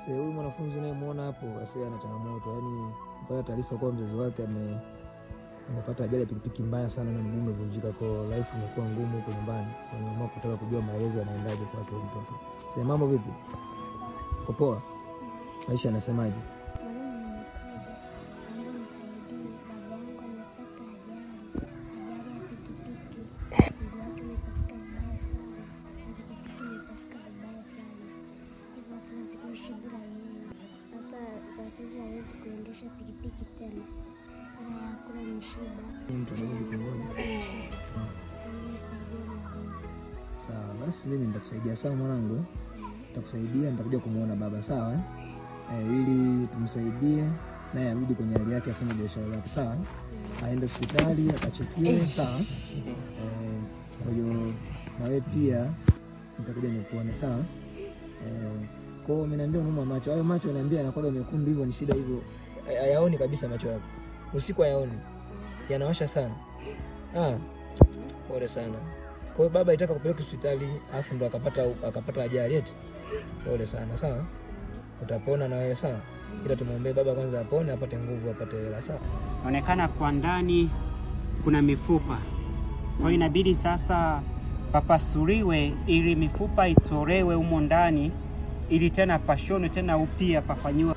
Sasa huyu mwanafunzi unayemwona hapo basi ana changamoto, yaani mpaka taarifa kwa mzazi wake ame amepata ajali ya pikipiki mbaya sana na mguu umevunjika, kwa life imekuwa ngumu huko nyumbani. Sasa mama kutaka kujua maelezo yanaendaje kwa mtoto. Sasa mambo vipi? kopoa maisha anasemaje? hawezi kuishi bila yeye. Hata sasa hivi hawezi kuendesha pikipiki tena, ana yakula ni shida. Sawa basi, mimi nitakusaidia. Sawa mwanangu, eh? nitakusaidia, nitakuja kumwona baba. Sawa eh? Eh, ili tumsaidie naye arudi kwenye hali yake, afanye biashara yake. Sawa, mm. aende hospitali akachekiwe. Sawa kwa hiyo, na wewe pia nitakuja nikuone. Sawa kwa hiyo ameniambia unaumwa macho. Hayo macho ananiambia yanakuwa mekundu hivyo, ni shida hivyo. Hayaoni kabisa macho yako. Usiku hayaoni. Yanawasha sana. Ah. Pole sana. Kwa hiyo baba alitaka kupeleka hospitali, afu ndo akapata akapata ajali eti. Pole sana, sawa? Utapona na wewe sawa? Ila tumwombee baba kwanza apone, apate nguvu, apate hela, sawa? Inaonekana kwa ndani kuna mifupa. Kwa hiyo inabidi sasa papasuriwe ili mifupa itolewe humo ndani ili tena pashone tena upia pafanyiwa